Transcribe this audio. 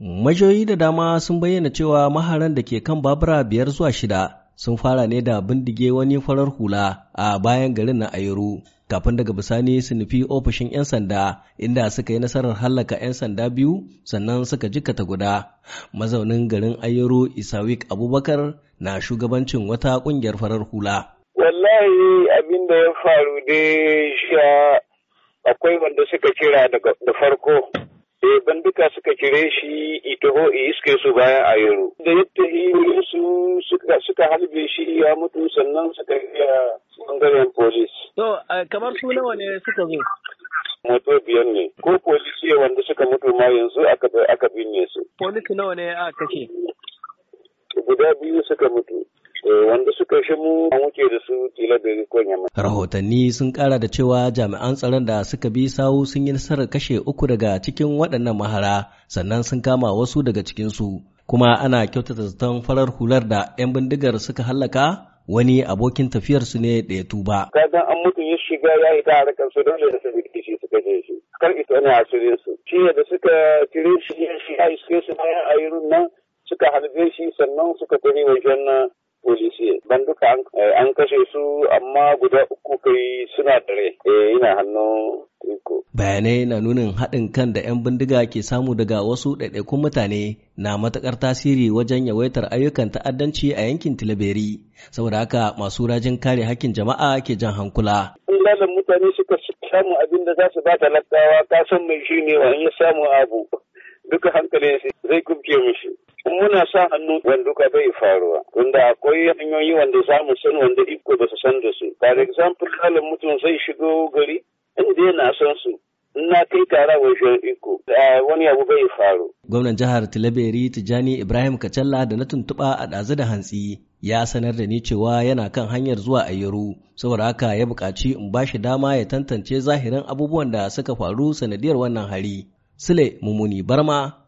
Majoyi da dama sun bayyana cewa maharan da ke kan babura biyar zuwa shida sun fara ne da bindige wani farar hula a bayan garin na Ayoro. Kafin daga bisani su nufi ofishin 'yan sanda inda suka yi nasarar hallaka 'yan sanda biyu sannan suka jikata guda. Mazaunin garin Ayoro Isawik Abubakar na shugabancin wata ƙungiyar farar hula. Wallahi abin da ya faru dai akwai wanda suka kira da farko. sai eh, banduka suka kire shi itaho e iske su bayan a yaro. Da yadda hiyoyin su suka halbe shi ya mutu sannan suka iya bangaren polis. To, kamar su nawa ne suka zo? Moto biyar ne, ko polisi wanda suka mutu ma yanzu aka binne su. Polisi nawa ne aka kashe? Guda biyu suka mutu. Eh, wanda suka shi mu an wuce da su kila da rikon yamma. Rahotanni sun kara da cewa jami'an tsaron da suka bi sawu sun yi nasarar kashe uku daga cikin waɗannan mahara sannan sun kama wasu daga cikinsu. Kuma ana kyautata zaton farar hular da 'yan bindigar suka hallaka wani abokin tafiyarsu ne da ya tuba. Kagan an mutu ya shiga ya yi tare su dole da su rikici suka je shi. Kar ita ne a cire su. Shi da suka cire shi ya shi a iske su bayan a yi nan suka harbe shi sannan suka tafi wajen ban duka eh, an kashe su amma guda uku kai suna dare yana eh, hannun iko bayanai na nunin haɗin kan da 'yan bindiga ke samu daga wasu ɗaiɗaikun mutane na matakar tasiri wajen yawaitar ayyukan ta'addanci a yankin tilaberi saboda haka masu rajin kare hakkin jama'a ke jan hankula lallan mutane suka samu abin da za su ba talakawa ka san mai shi ne wani ya samu abu duka hankalin zai kubce mishi kuma muna sa hannu Wanduka duka bai faruwa wanda akwai hanyoyi wanda za mu san wanda iko ba su san da su for example kalin mutum zai shigo gari inda yana san su na kai tara wajen iko wani abu bai faru. Gwamnan jihar Tilaberi Tijjani Ibrahim Kacalla da na tuntuɓa a ɗazu da hantsi ya sanar da ni cewa yana kan hanyar zuwa Ayyaru saboda haka ya buƙaci in ba shi dama ya tantance zahirin abubuwan da suka faru sanadiyar wannan hari. Sule Mumuni Barma